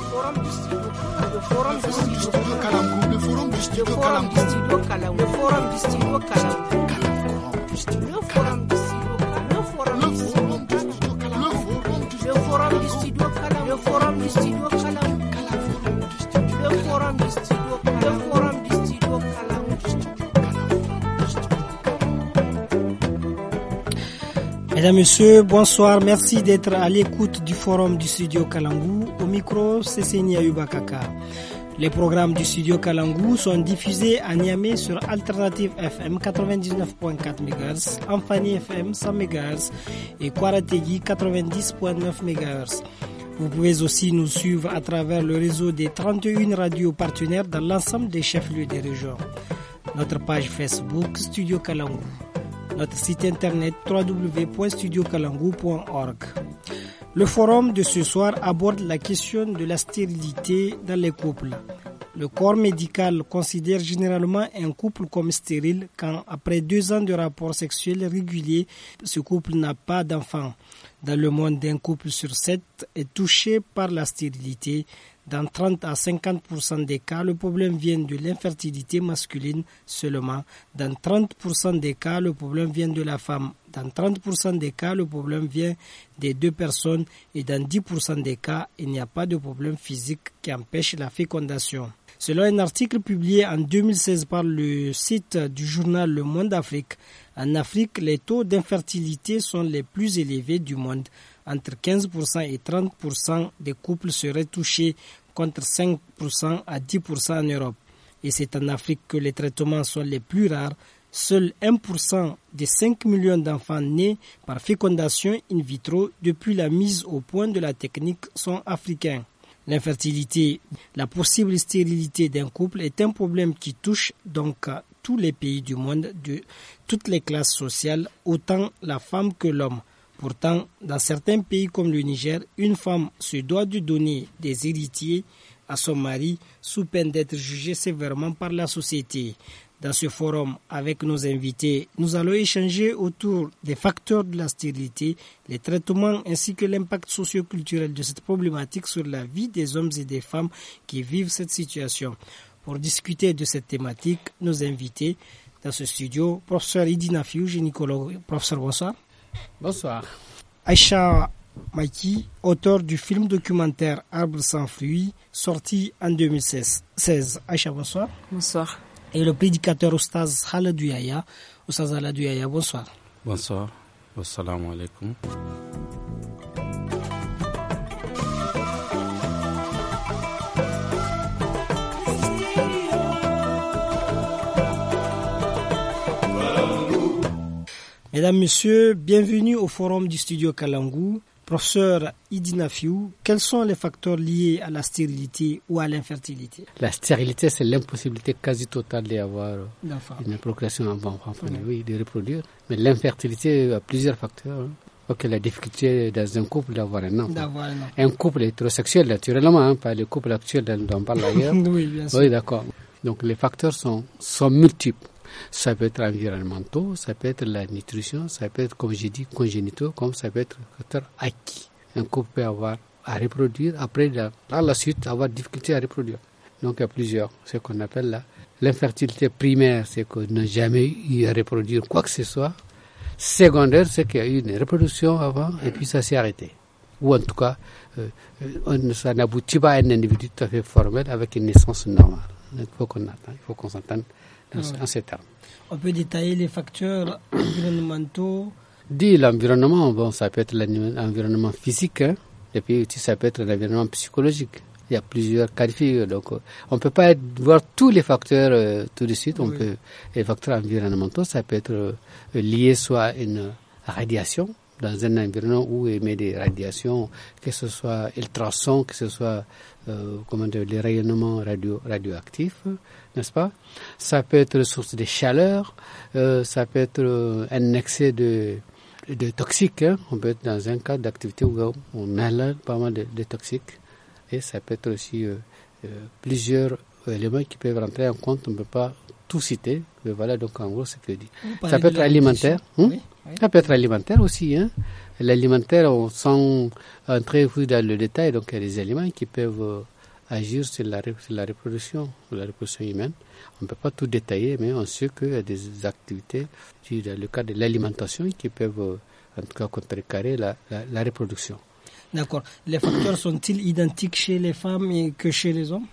forum du le forum du studio le forum du studio Calam. le forum du studio le forum Mesdames, Messieurs, bonsoir. Merci d'être à l'écoute du forum du studio Kalangou. Au micro, c'est Seni Ayubakaka. Les programmes du studio Kalangou sont diffusés à Niamey sur Alternative FM 99.4 MHz, Amphani FM 100 MHz et Kwarategi 90.9 MHz. Vous pouvez aussi nous suivre à travers le réseau des 31 radios partenaires dans l'ensemble des chefs-lieux des régions. Notre page Facebook Studio Kalangou notre site internet www.studiocalangou.org. Le forum de ce soir aborde la question de la stérilité dans les couples. Le corps médical considère généralement un couple comme stérile quand, après deux ans de rapports sexuels réguliers, ce couple n'a pas d'enfant. Dans le monde, un couple sur sept est touché par la stérilité. Dans 30 à 50 des cas, le problème vient de l'infertilité masculine seulement. Dans 30 des cas, le problème vient de la femme. Dans 30 des cas, le problème vient des deux personnes et dans 10 des cas, il n'y a pas de problème physique qui empêche la fécondation. Selon un article publié en 2016 par le site du journal Le Monde Afrique, en Afrique, les taux d'infertilité sont les plus élevés du monde. Entre 15% et 30% des couples seraient touchés entre 5% à 10% en Europe. Et c'est en Afrique que les traitements sont les plus rares. Seuls 1% des 5 millions d'enfants nés par fécondation in vitro depuis la mise au point de la technique sont africains. L'infertilité, la possible stérilité d'un couple est un problème qui touche donc à tous les pays du monde, de toutes les classes sociales, autant la femme que l'homme. Pourtant, dans certains pays comme le Niger, une femme se doit de donner des héritiers à son mari sous peine d'être jugée sévèrement par la société. Dans ce forum, avec nos invités, nous allons échanger autour des facteurs de la stérilité, les traitements ainsi que l'impact socio-culturel de cette problématique sur la vie des hommes et des femmes qui vivent cette situation. Pour discuter de cette thématique, nos invités dans ce studio, professeur Idina Fiou, gynécologue. Professeur, bonsoir. Bonsoir. Aïcha Maki, auteur du film documentaire Arbre sans fruits, sorti en 2016. 16. Aïcha, bonsoir. Bonsoir. Et le prédicateur Oustaz Khaled Oustaz Khaled bonsoir. Bonsoir. Assalamu alaikum. Mesdames, Messieurs, bienvenue au forum du studio Kalangou. Professeur Idina quels sont les facteurs liés à la stérilité ou à l'infertilité La stérilité, c'est l'impossibilité quasi totale d'avoir une procréation avant, enfin, oui. de reproduire. Mais l'infertilité a plusieurs facteurs. Hein. Ok, la difficulté dans un couple d'avoir un enfant. Un, couple hétérosexuel, naturellement, par hein, pas le couple actuel dont on parle ailleurs. oui, bien sûr. Oui, d'accord. Donc les facteurs sont, sont multiples. Ça peut être environnemental, ça peut être la nutrition, ça peut être, comme j'ai dit, congénitaux, comme ça peut être facteur acquis. Un couple peut avoir à reproduire, après, à la suite, avoir difficulté à reproduire. Donc, il y a plusieurs, ce qu'on appelle là. L'infertilité primaire, c'est qu'on n'a jamais eu à reproduire quoi que ce soit. Secondaire, c'est qu'il y a eu une reproduction avant et puis ça s'est arrêté. Ou en tout cas, euh, euh, ça n'aboutit pas à un individu tout à fait formel avec une naissance normale. Il faut qu'on attende, il faut qu'on s'entende dans, ces On peut détailler les facteurs environnementaux Dit l'environnement, bon, ça peut être l'environnement physique, hein, et puis aussi ça peut être l'environnement psychologique. Il y a plusieurs cas donc euh, on ne peut pas voir tous les facteurs euh, tout de suite. les facteurs environnementaux, ça peut être euh, lié soit à une radiation, dans un environnement où il émet des radiations, que ce soit ultrasons, que ce soit euh, comment dire, les rayonnements radio, radioactifs, n'est-ce pas Ça peut être source de chaleur, euh, ça peut être euh, un excès de, de toxiques. Hein. On peut être dans un cadre d'activité où on a pas mal de, de, toxiques. Et ça peut être aussi euh, plusieurs éléments qui peuvent rentrer en compte. On ne peut pas tout citer. Mais voilà donc en gros ce que je dis. Ça peut être alimentaire. Hein? Ça peut être alimentaire aussi. Hein? L'alimentaire, on sent entrer dans le détail. Donc il y a des aliments qui peuvent euh, agir sur la, sur la reproduction, la reproduction humaine. On ne peut pas tout détailler, mais on sait qu'il y a des activités, dans le cas de l'alimentation, qui peuvent euh, en tout cas contrecarrer la, la, reproduction. D'accord. Les facteurs sont-ils identiques chez les femmes et que chez les hommes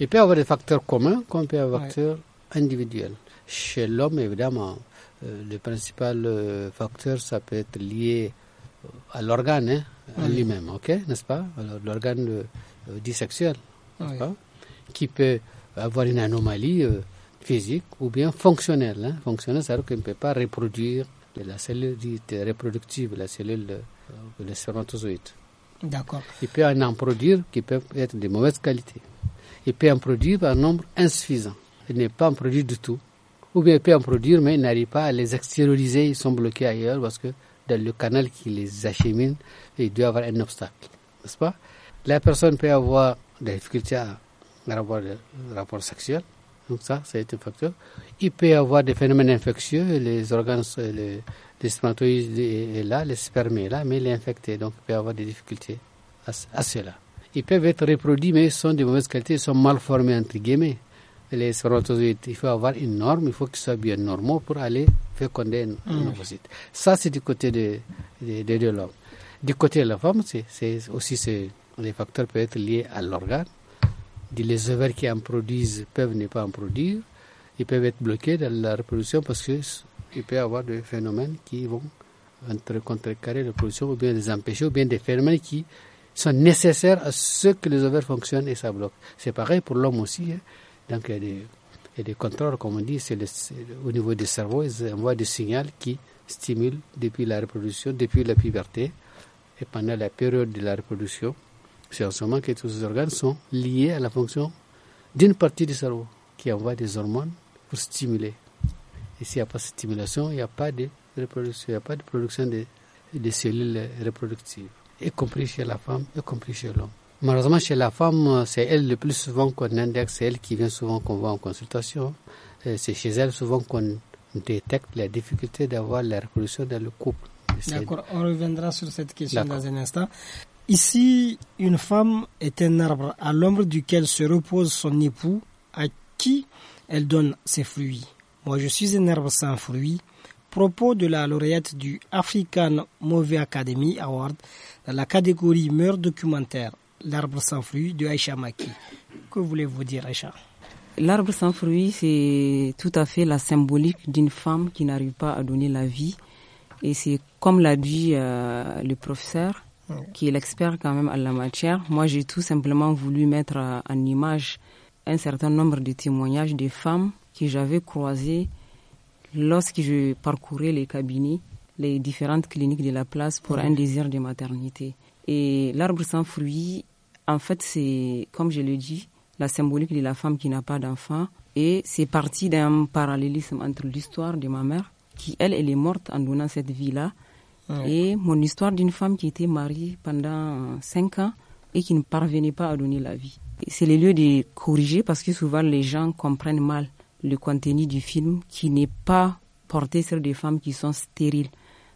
Il peut y avoir des facteurs communs, comme il peut y avoir des facteurs individuel. Chez l'homme, évidemment, euh, le principal euh, facteur, ça peut être lié euh, à l'organe hein, lui-même, ok, n'est-ce pas L'organe euh, dissexuel, pas qui peut avoir une anomalie physique ou bien fonctionnelle. Hein. Fonctionnelle, c'est-à-dire qu'il ne peut pas reproduire la cellule dite reproductive, la cellule, le spermatozoïde. D'accord. Il peut en, en produire qui peuvent être de mauvaise qualité. Il peut en produire un nombre insuffisant n'est pas en produit du tout. Ou bien il peut en produire, mais il n'arrive pas à les extérioriser, ils sont bloqués ailleurs parce que dans le canal qui les achemine, il doit y avoir un obstacle. N'est-ce pas La personne peut avoir des difficultés à avoir des rapports sexuels, donc ça, c'est un facteur. Il peut y avoir des phénomènes infectieux, les organes, les, les spermatozoïdes là, les spermes sont là, mais il est infecté, donc il peut y avoir des difficultés à, à cela. Ils peuvent être reproduits, mais ils sont de mauvaise qualité, ils sont mal formés, entre guillemets les Il faut avoir une norme, il faut qu'ils soient bien normaux pour aller féconder un mm. ovocyte. Ça, c'est du côté de, l'homme. Du côté de la femme, c'est aussi les facteurs peuvent être liés à l'organe. Les ovaires qui en produisent peuvent ne pas en produire. Ils peuvent être bloqués dans la reproduction parce qu'il peut y avoir des phénomènes qui vont entre contrecarrer la reproduction ou bien les empêcher ou bien des phénomènes qui sont nécessaires à ce que les ovaires fonctionnent et ça bloque. C'est pareil pour l'homme aussi. Hein. Donc, il y a des, contrôles, comme on dit, c'est au niveau du cerveau, ils envoient des signaux qui stimulent depuis la reproduction, depuis la puberté et pendant la période de la reproduction. C'est en ce moment que tous ces organes sont liés à la fonction d'une partie du cerveau qui envoie des hormones pour stimuler. Et s'il n'y a pas de stimulation, il n'y a pas de reproduction, il n'y a pas de production des de cellules reproductives, y compris chez la femme, y compris chez l'homme. Malheureusement, chez la femme, c'est elle le plus souvent qu'on indexe, c'est elle qui vient souvent qu'on voit en consultation. Euh, c'est chez elle souvent qu'on détecte la difficulté d'avoir la reproduction dans le couple. D'accord, on reviendra sur cette question dans un instant. Ici, une femme est un arbre à l'ombre duquel se repose son époux, à qui elle donne ses fruits. Moi, je suis un arbre sans fruits. Propos de la lauréate du African Movie Academy Award dans la catégorie meilleur documentaire L'arbre sans fruit de Aïcha Maki. Que voulez-vous dire, Aïcha L'arbre sans fruit, c'est tout à fait la symbolique d'une femme qui n'arrive pas à donner la vie. Et c'est comme l'a dit euh, le professeur, qui est l'expert quand même à la matière. Moi, j'ai tout simplement voulu mettre euh, en image un certain nombre de témoignages des femmes que j'avais croisées lorsque je parcourais les cabinets, les différentes cliniques de la place pour un désir de maternité. Et l'arbre sans fruits, en fait, c'est, comme je le dis, la symbolique de la femme qui n'a pas d'enfant. Et c'est parti d'un parallélisme entre l'histoire de ma mère, qui elle, elle est morte en donnant cette vie-là, et mon histoire d'une femme qui était mariée pendant 5 ans et qui ne parvenait pas à donner la vie. C'est le lieu de corriger parce que souvent les gens comprennent mal le contenu du film qui n'est pas porté sur des femmes qui sont stériles.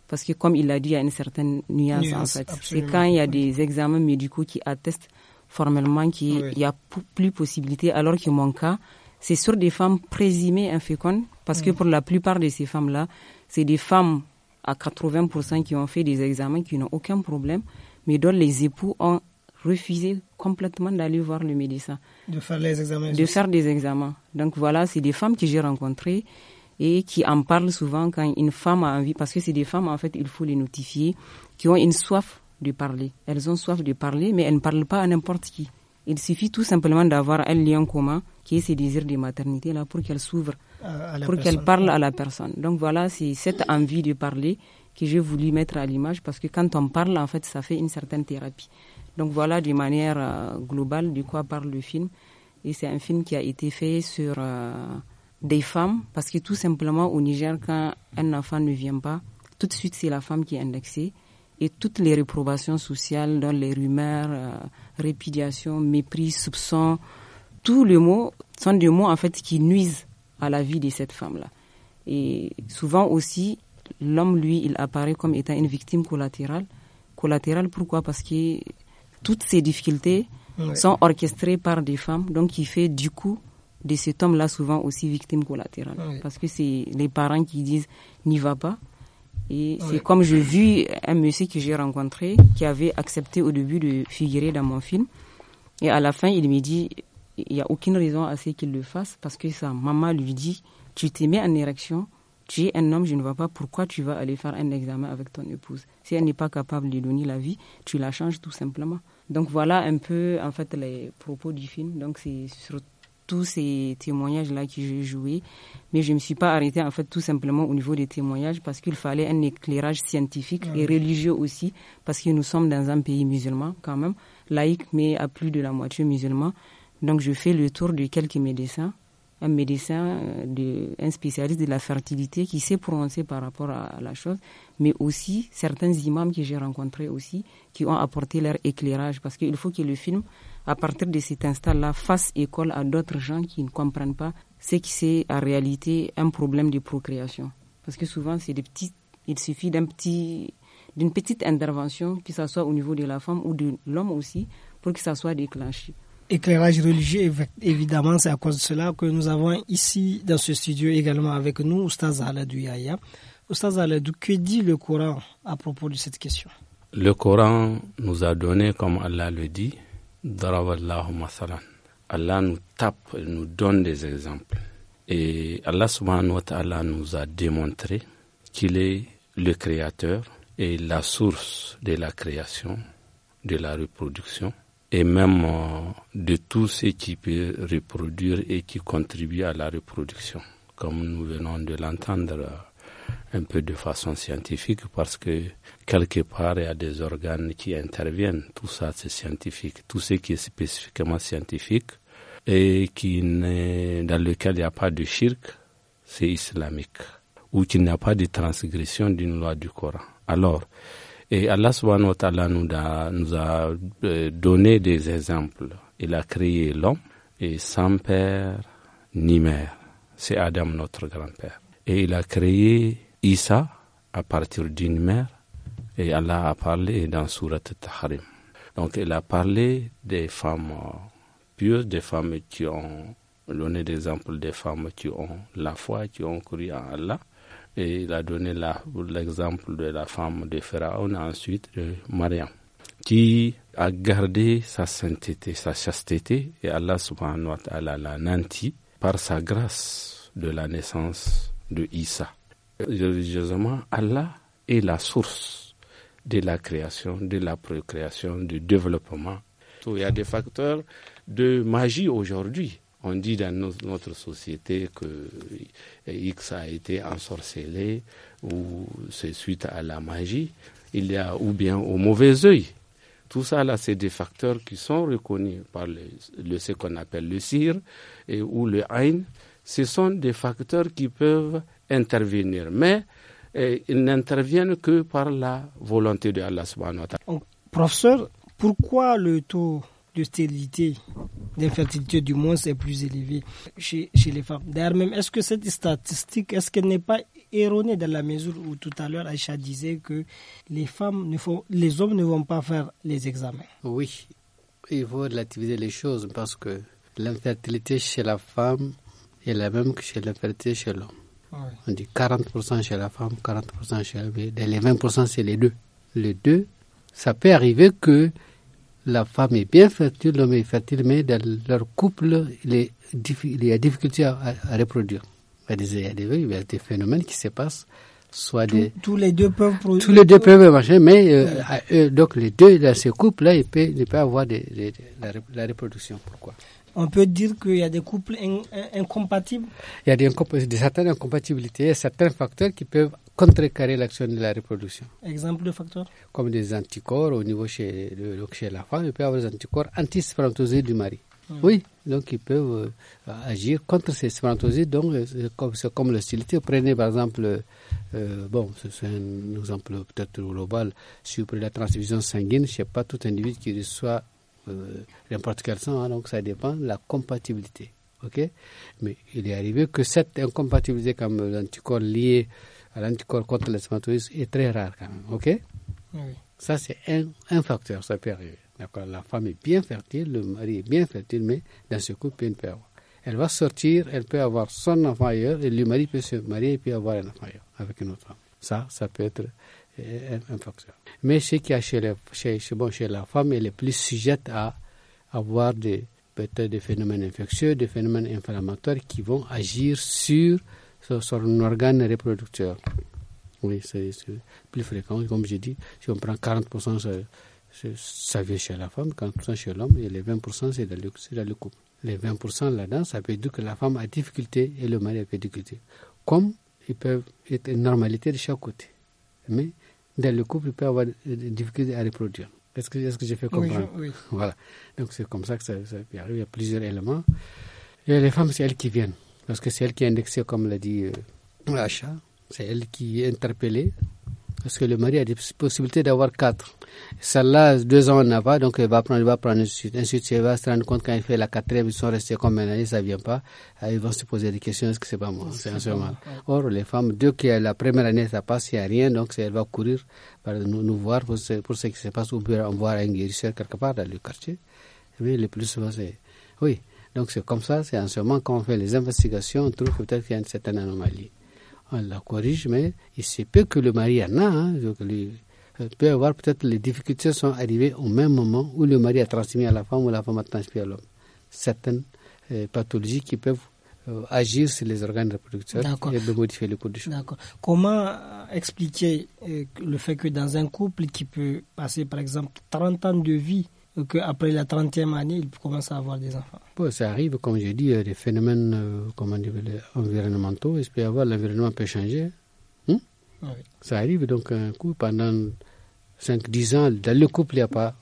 Parce que comme il l'a dit, il y a une certaine nuance, en fait. C'est quand il y a des examens médicaux qui attestent formellement qu'il n'y a plus possibilité, alors que mon cas, c'est sur des femmes présumées infécondes, parce que mm. pour la plupart de ces femmes-là, c'est des femmes à 80% qui ont fait des examens qui n'ont aucun problème, mais dont les époux ont refusé complètement d'aller voir le médecin. De faire les examens. De faire des examens. Donc voilà, c'est des femmes que j'ai rencontrées et qui en parlent souvent quand une femme a envie, parce que c'est des femmes, en fait, il faut les notifier, qui ont une soif de parler. Elles ont soif de parler, mais elles ne parlent pas à n'importe qui. Il suffit tout simplement d'avoir un lien commun qui est ces désirs de maternité là pour qu'elle s'ouvre, pour qu'elle parle à la personne. Donc voilà, c'est cette envie de parler que j'ai voulu mettre à l'image parce que quand on parle, en fait, ça fait une certaine thérapie. Donc voilà, de manière euh, globale, de quoi parle le film. Et c'est un film qui a été fait sur euh, des femmes, parce que tout simplement au Niger, quand un enfant ne vient pas, tout de suite c'est la femme qui est indexée. Et toutes les réprobations sociales, dans les rumeurs, euh, répudiation, mépris, soupçons tous les mots sont des mots en fait qui nuisent à la vie de cette femme-là. Et souvent aussi, l'homme, lui, il apparaît comme étant une victime collatérale. Collatérale, pourquoi Parce que toutes ces difficultés sont orchestrées par des femmes, donc il fait du coup de cet homme-là, souvent aussi victime collatérale. Parce que c'est les parents qui disent n'y va pas. Et c'est comme j'ai vu un monsieur que j'ai rencontré qui avait accepté au début de figurer dans mon film. Et à la fin, il me dit il n'y a aucune raison à ce qu'il le fasse parce que sa maman lui dit tu t'es mis en érection, tu es un homme, je ne vois pas pourquoi tu vas aller faire un examen avec ton épouse. Si elle n'est pas capable de donner la vie, tu la changes tout simplement. Donc voilà un peu en fait les propos du film. Donc c'est surtout tous ces témoignages-là que j'ai joués. Mais je ne me suis pas arrêtée, en fait, tout simplement au niveau des témoignages parce qu'il fallait un éclairage scientifique et religieux aussi parce que nous sommes dans un pays musulman quand même, laïque, mais à plus de la moitié musulman. Donc, je fais le tour de quelques médecins un médecin, euh, de, un spécialiste de la fertilité qui s'est prononcé par rapport à, la chose, mais aussi certains imams que j'ai rencontrés aussi qui ont apporté leur éclairage parce qu'il faut que le film à partir de cet instant-là, fasse école à d'autres gens qui ne comprennent pas ce qui c'est en réalité un problème de procréation. Parce que souvent, c'est des petits, il suffit d'un petit, d'une petite intervention, que ce soit au niveau de la femme ou de l'homme aussi, pour que ça soit déclenché. Éclairage religieux, évidemment, c'est à cause de cela que nous avons ici, dans ce studio également avec nous, Oustaz Aladou Yahya. Oustaz Aladou, que dit le Coran à propos de cette question Le Coran nous a donné, comme Allah le dit, Allah nous tape, et nous donne des exemples. Et Allah nous a démontré qu'il est le créateur et la source de la création, de la reproduction et même euh, de tout ce qui peut reproduire et qui contribue à la reproduction, comme nous venons de l'entendre euh, un peu de façon scientifique parce que quelque part il y a des organes qui interviennent. Tout ça c'est scientifique. Tout ce qui est spécifiquement scientifique et qui dans lequel il n'y a pas de shirk, c'est islamique. Ou qu'il n'y a pas de transgression d'une loi du Coran. Alors, et Allah subhanahu nous a, nous euh, a donné des exemples. Il a créé l'homme et sans père ni mère. C'est Adam, notre grand-père. Et il a créé Issa, à partir d'une mère et Allah a parlé dans Surat Tahrim. Donc il a parlé des femmes pures des femmes qui ont donné l'exemple des femmes qui ont la foi, qui ont cru en Allah. Et il a donné l'exemple de la femme de Pharaon, ensuite de Mariam, qui a gardé sa sainteté, sa chasteté, et Allah subhanahu wa ta'ala l'a nanti par sa grâce de la naissance de Issa. Religieusement, Allah est la source de la création, de la procréation, du développement. Il y a des facteurs de magie aujourd'hui. On dit dans notre société que X a été ensorcelé ou c'est suite à la magie, il y a ou bien au mauvais œil. Tout ça, là, c'est des facteurs qui sont reconnus par le, ce qu'on appelle le CIR ou le AIN. Ce sont des facteurs qui peuvent intervenir. Mais euh, ils n'interviennent que par la volonté de Allah subhanahu wa ta'ala. Professeur, pourquoi le taux de stérilité, d'infertilité du moins est plus élevé chez, les femmes D'ailleurs même, est-ce que cette statistique, est-ce qu'elle n'est pas erronée dans la mesure où tout à l'heure Aïcha disait que les femmes ne font, les hommes ne vont pas faire les examens Oui, il faut relativiser les choses parce que l'infertilité chez la femme est la même que chez l'infertilité chez l'homme. On dit 40% chez la femme, 40% chez l'homme. Les 20%, c'est les deux. Les deux, ça peut arriver que la femme est bien fertile, l'homme est fertile, mais dans leur couple, il, y a difficulté à, reproduire. Il y, a des, phénomènes qui se passent. Soit tous les deux peuvent produire. Tous les deux peuvent marcher, mais euh, donc les deux dans ce couple-là, ils peuvent avoir la reproduction. Pourquoi on peut dire qu'il y a des couples incompatibles Il y a des, certaines incompatibilités, certains facteurs qui peuvent contrecarrer l'action de la reproduction. Exemple de facteurs Comme des anticorps au niveau chez, chez la femme, il peut y avoir des anticorps anti du mari. Hmm. Oui, donc ils peuvent euh, agir contre ces spermatozoïdes. Donc, euh, c'est comme, comme l'hostilité. Prenez par exemple, euh, bon, c'est un exemple peut-être global, sur la transfusion sanguine, je ne sais pas, tout individu qui reçoit euh, n'importe quel sang, hein, donc ça dépend de la compatibilité. ok Mais il est arrivé que cette incompatibilité, comme l'anticorps lié à l'anticorps contre les est très rare quand même. ok Ça, c'est un, facteur, ça peut arriver. La femme est bien fertile, le mari est bien fertile, mais dans ce couple, il peut Elle va sortir, elle peut avoir son enfant ailleurs, et le mari peut se marier et puis avoir un enfant ailleurs avec une autre femme. Ça, ça peut être mais ce qui est chez, chez, la femme, elle est plus sujette à avoir peut-être des phénomènes infectieux, des phénomènes inflammatoires qui vont agir sur sur son organe reproducteur. Oui, c'est plus fréquent. Comme je dis, si on prend 40%, ça, vient chez la femme, 40% chez l'homme, et les 20%, c'est dans, dans, le couple. Les 20% là-dedans, ça veut dire que la femme a difficulté et le mari a difficulté. Comme ils peuvent être une normalité de chaque côté. Mais dans le couple, il peut avoir des difficultés à reproduire. Est-ce que, est que j'ai fait comprendre oui, oui. Voilà. Donc c'est comme ça que ça, ça peut arriver. Il y a plusieurs éléments. Et les femmes, c'est elles qui viennent. Parce que c'est elles qui sont indexées, comme l'a dit l'achat, euh, C'est elles qui est interpellées parce que le mari a des possibilités d'avoir quatre. Celle-là, deux ans, en n'a donc il va prendre, il va prendre une suite. Ensuite, il va se rendre compte quand il fait la quatrième, ils sont restés comme un année, ça vient pas. Ah, ils vont se poser des questions, est-ce que c'est pas moi, c'est un seul Or, les femmes, deux qui, la première année, ça passe, il n'y a rien, donc elle va courir pour nous, voir pour ce, qui se passe, ou bien voir un guérisseur quelque part dans le quartier. Oui, le plus souvent, c'est, oui. Donc c'est comme ça, c'est en ce moment qu'on fait les investigations, on trouve peut-être qu'il y a une certaine anomalie on hein, la corrige, mais il se peut que le mari en a. Hein, euh, peut avoir peut-être les difficultés sont arrivées au même moment où le mari a transmis à la femme ou la femme a transmis à l'homme. Certaines euh, pathologies qui peuvent euh, agir sur les organes reproducteurs et modifier le cours du Comment expliquer le fait que dans un couple qui peut passer par exemple 30 ans de vie qu'après la 30e année, ils commencent à avoir des enfants. Bon, ça arrive, comme je dis, des phénomènes euh, comme dit, environnementaux. Il peut y avoir l'environnement peut changer. Hein? Ça arrive donc un coup pendant 5-10 ans, dans le couple, il n'y a pas.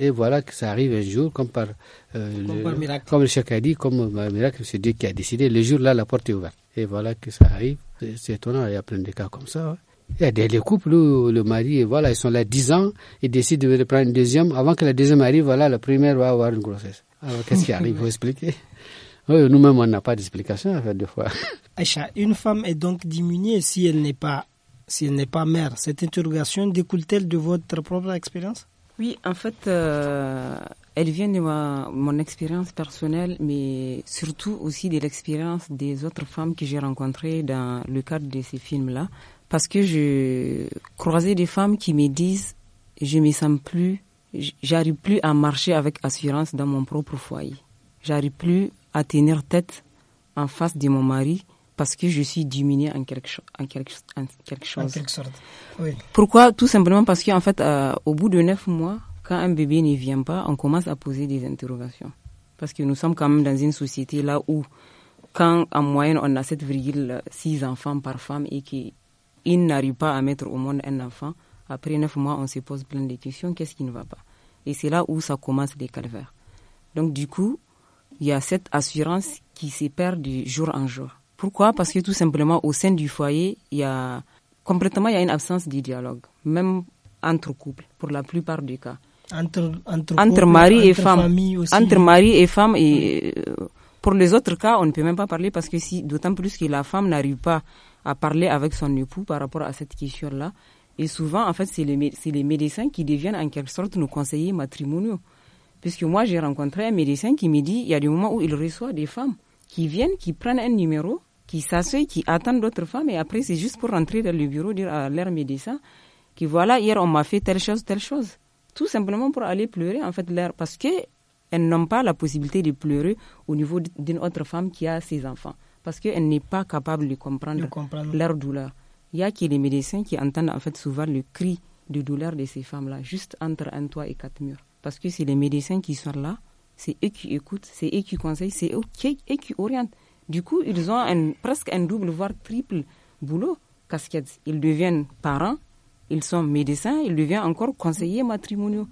Et voilà que ça arrive un jour, comme par, euh, comme, le, par a dit, comme euh, miracle, c'est Dieu qui a décidé. Le jour-là, la porte est ouverte. Et voilà que ça arrive. C'est étonnant, il y a plein de cas comme ça. Il y a des, couples où le mari, voilà, ils sont là 10 ans, ils décident de prendre une deuxième. Avant que la deuxième arrive, voilà, la première va avoir une grossesse. Alors, qu'est-ce qui arrive Vous expliquez Oui, nous-mêmes, on n'a pas d'explication à faire deux fois. Aïcha, une femme est donc diminuée si elle n'est pas, si elle n'est pas mère. Cette interrogation découle-t-elle de votre propre expérience Oui, en fait, euh, elle vient de mon expérience personnelle, mais surtout aussi de l'expérience des autres femmes que j'ai rencontrées dans le cadre de ces films-là parce que je croisais des femmes qui me disent je me sens plus, j'arrive plus à marcher avec assurance dans mon propre foyer. J'arrive plus à tenir tête en face de mon mari parce que je suis diminuée en quelque, chose. En quelque, quelque chose. En quelque sorte. Oui. Pourquoi Tout simplement parce qu'en fait, euh, au bout de neuf mois, quand un bébé ne vient pas, on commence à poser des interrogations. Parce que nous sommes quand même dans une société là où, quand en moyenne, on a 7,6 euh, enfants par femme et qui il n'arrive pas à mettre au monde un enfant, après neuf mois, on se pose plein de questions, qu'est-ce qui ne va pas Et c'est là où ça commence les calvaires. Donc du coup, il y a cette assurance qui se perd du jour en jour. Pourquoi Parce que tout simplement, au sein du foyer, il y a complètement il y a une absence de dialogue, même entre couples, pour la plupart des cas. Entre, entre, entre mari et femme. Entre mari et femme. Et, euh, pour les autres cas, on ne peut même pas parler parce que si, d'autant plus que la femme n'arrive pas à parler avec son époux par rapport à cette question-là. Et souvent, en fait, c'est les, les, médecins qui deviennent en quelque sorte nos conseillers matrimoniaux. Puisque moi, j'ai rencontré un médecin qui me dit, il y a des moments où il reçoit des femmes qui viennent, qui prennent un numéro, qui s'assoient, qui attendent d'autres femmes, et après, c'est juste pour rentrer dans le bureau, dire à leur médecin qui voilà, hier, on m'a fait telle chose, telle chose. Tout simplement pour aller pleurer, en fait, l'air parce qu'elles n'ont pas la possibilité de pleurer au niveau d'une autre femme qui a ses enfants parce qu'elle n'est pas capable de comprendre, de leur douleur. Il y a que les médecins qui entendent en fait souvent le cri de douleur de ces femmes-là, juste entre un toit et quatre murs. Parce que c'est les médecins qui sont là, c'est eux qui écoutent, c'est eux qui conseillent, c'est eux qui, qui orientent. Du coup, ils ont un, presque un double, voire triple boulot, casquette. Ils deviennent parents, ils sont médecins, ils deviennent encore conseillers matrimoniaux.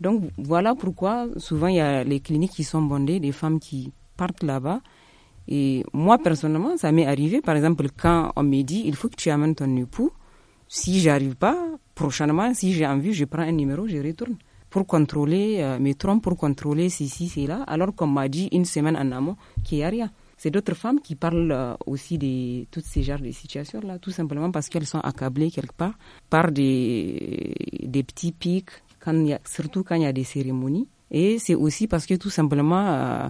Donc voilà pourquoi souvent il y a les cliniques qui sont bondées, des femmes qui partent là-bas et moi, personnellement, ça m'est arrivé, par exemple, quand on me dit, il faut que tu amènes ton époux. Si j'arrive pas, prochainement, si j'ai envie, je prends un numéro, je retourne pour contrôler euh, mes trompes, pour contrôler ceci, cela, alors qu'on m'a dit une semaine en amont qu'il n'y a rien. C'est d'autres femmes qui parlent euh, aussi de toutes ces genres de situations-là, tout simplement parce qu'elles sont accablées quelque part par des, des petits pics, quand surtout quand il y a des cérémonies. Et c'est aussi parce que tout simplement, euh,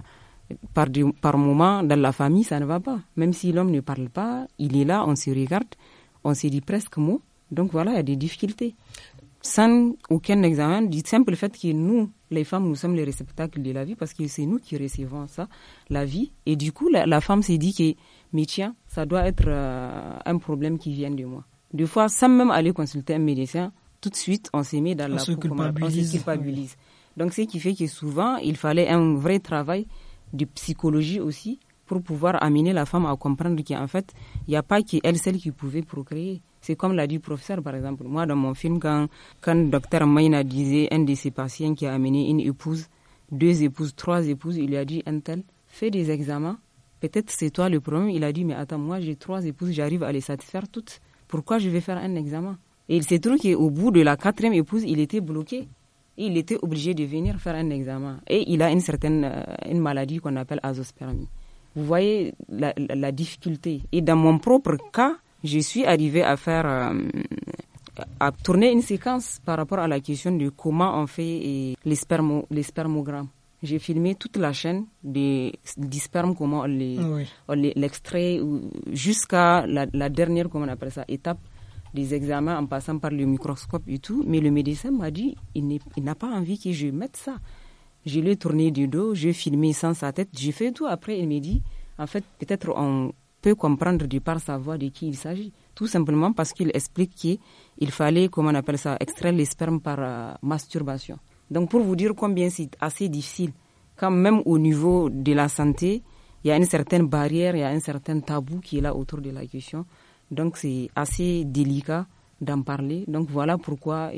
par, par moment, dans la famille, ça ne va pas. Même si l'homme ne parle pas, il est là, on se regarde, on se dit presque mot. Donc voilà, il y a des difficultés. Sans aucun examen, du simple fait que nous, les femmes, nous sommes les réceptacles de la vie parce que c'est nous qui recevons ça, la vie. Et du coup, la, femme s'est dit que, mais tiens, ça doit être euh, un problème qui vient de moi. Des fois, sans même aller consulter un médecin, tout de suite, on s'est mis dans la se culpabilise. Donc, ce qui fait que souvent, il fallait un vrai travail de psychologie aussi pour pouvoir amener la femme à comprendre qu'en fait, il n'y a pas qu'elle seule qui pouvait procréer. C'est comme l'a dit le professeur, par exemple. Moi, dans mon film, quand, quand docteur Mayna disait un de ses patients qui a amené une épouse, deux épouses, trois épouses, il lui a dit, un tel, fais des examens. Peut-être c'est toi le problème. Il a dit, mais attends, moi, j'ai trois épouses, j'arrive à les satisfaire toutes. Pourquoi je vais faire un examen Et il s'est trouvé qu'au bout de la quatrième épouse, il était bloqué il était obligé de venir faire un examen. Et il a une certaine euh, une maladie qu'on appelle azospermie. Vous voyez la, difficulté. Et dans mon propre cas, je suis arrivé à faire, euh, à tourner une séquence par rapport à la question de comment on fait euh, les, spermo, les spermogrammes. J'ai filmé toute la chaîne des, sperme comment on l'extrait, jusqu'à la, la dernière, comment on appelle ça, étape des examens en passant par le microscope et tout, mais le médecin m'a dit, il n'a pas envie que je mette ça. Je l'ai tourné du dos, j'ai filmé sans sa tête, j'ai fait tout. Après, il m'a dit, en fait, peut-être on peut comprendre du par sa voix de qui il s'agit. Tout simplement parce qu'il explique qu'il fallait, comment on appelle ça, extraire les spermes par euh, masturbation. Donc, pour vous dire combien c'est assez difficile, quand même au niveau de la santé, il y a une certaine barrière, il y a un certain tabou qui est là autour de la question. Donc c'est assez délicat d'en parler. Donc voilà pourquoi,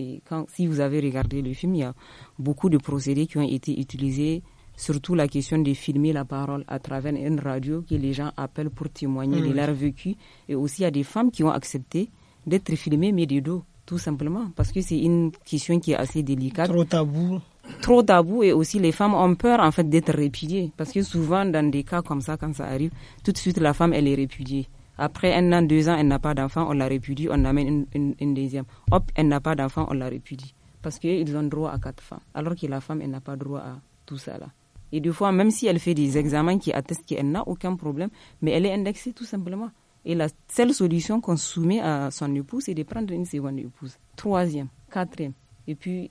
si vous avez regardé le film, il y a beaucoup de procédés qui ont été utilisés, surtout la question de filmer la parole à travers une radio que les gens appellent pour témoigner de ah leur vécu. Et aussi, il y a des femmes qui ont accepté d'être filmées, mais de dos, tout simplement, parce que c'est une question qui est assez délicate. Trop tabou. Trop tabou et aussi les femmes ont peur en fait d'être répudiées parce que souvent dans des cas comme ça quand ça arrive tout de suite la femme elle est répudiée après un an, deux ans, elle n'a pas d'enfant, on la répudie, on amène une, deuxième. Hop, elle n'a pas d'enfant, on la répudie. Parce qu'ils ont droit à quatre femmes. Alors que la femme, elle n'a pas droit à tout ça là. Et des fois, même si elle fait des examens qui attestent qu'elle n'a aucun problème, mais elle est indexée tout simplement. Et la seule solution qu'on soumet à son épouse, c'est de prendre une seconde épouse. Troisième, quatrième. Et puis,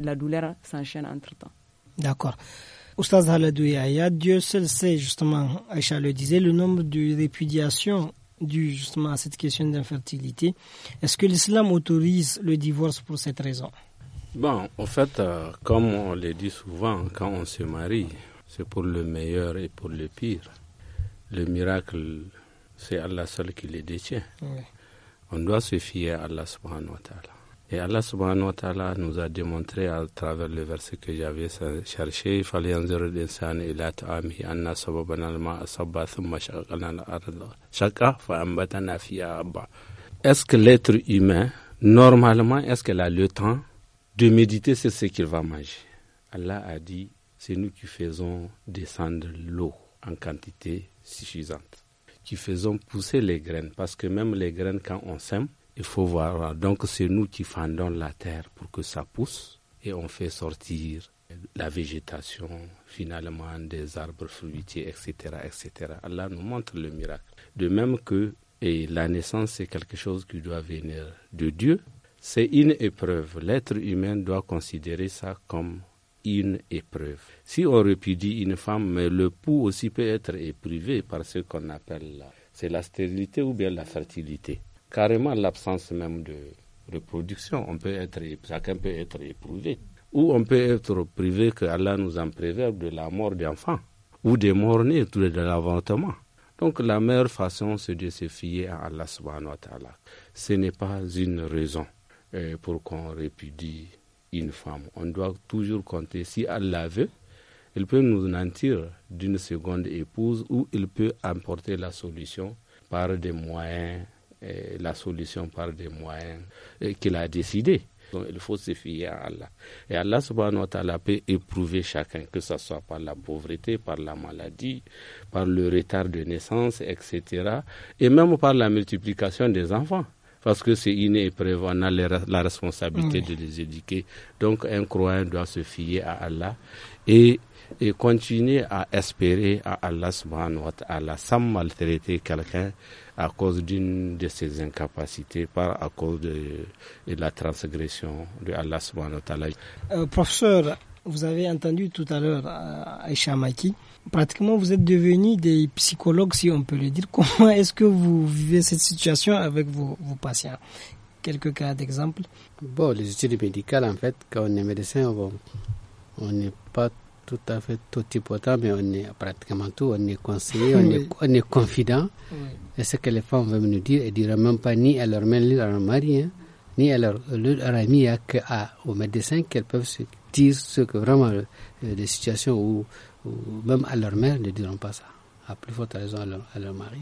la douleur s'enchaîne entre-temps. D'accord. Oustaz Haladouya, Dieu seul sait, justement, Aïcha le disait, le nombre de répudiations dû justement à cette question d'infertilité. Est-ce que l'islam autorise le divorce pour cette raison Bon, en fait, euh, comme on le dit souvent, quand on se marie, c'est pour le meilleur et pour le pire. Le miracle, c'est Allah seul qui le détient. On doit se fier à Allah subhanahu wa ta'ala. Et Allah subhanahu wa ta'ala nous a démontré à travers le verset que j'avais cherché, il fallait endurer l'insan anna al thumma al shaka Est-ce que l'être humain, normalement, est-ce qu'elle a le temps de méditer sur ce qu'il va manger Allah a dit, c'est nous qui faisons descendre l'eau en quantité suffisante, qui faisons pousser les graines, parce que même les graines, quand on sème, il faut voir. Donc c'est nous qui fendons la terre pour que ça pousse et on fait sortir la végétation, finalement des arbres fruitiers, etc., etc. Allah nous montre le miracle. De même que et la naissance, c'est quelque chose qui doit venir de Dieu. C'est une épreuve. L'être humain doit considérer ça comme une épreuve. Si on répudie une femme, mais le pouls aussi peut être éprouvé par ce qu'on appelle c'est la stérilité ou bien la fertilité carrément l'absence même de reproduction. On peut être, chacun peut être éprouvé. Ou on peut être privé que Allah nous en préverbe de la mort d'enfants ou des morts-nés, les de l'avortement. Donc la meilleure façon, c'est de se fier à Allah subhanahu wa ta'ala. Ce n'est pas une raison euh, pour qu'on répudie une femme. On doit toujours compter, si Allah veut, il peut nous nantir d'une seconde épouse ou il peut apporter la solution par des moyens la solution par des moyens euh, qu'il a décidé Donc, il faut se fier à Allah. Et Allah subhanahu wa ta'ala peut éprouver chacun, que ce soit par la pauvreté, par la maladie, par le retard de naissance, etc. Et même par la multiplication des enfants. Parce que c'est inné et on a la responsabilité de les éduquer. Donc un croyant doit se fier à Allah et et continuer à espérer à Allah subhanahu wa ta'ala sans maltraiter quelqu'un à cause d'une de ses incapacités, par à cause de, la transgression de Allah subhanahu wa ta'ala. Euh, professeur, vous avez entendu tout à l'heure euh, Aïcha Pratiquement, vous êtes devenu des psychologues, si on peut le dire. Comment est-ce que vous vivez cette situation avec vos, vos patients Quelques cas d'exemple Bon, les études médicales, en fait, quand on est médecin, on n'est pas tout à fait tout important, mais on est pratiquement tout, on est conseillé, on, est, on est confident. Et ce que les femmes veulent nous dire, elles ne diront même pas ni à leur mère, ni à leur mari, ni à leur, hein. leur ami, hein, ah, aux médecins qu'elles peuvent se dire ce que vraiment euh, des situations où, même à leur mère ne diront pas ça. À plus forte raison à leur, mari.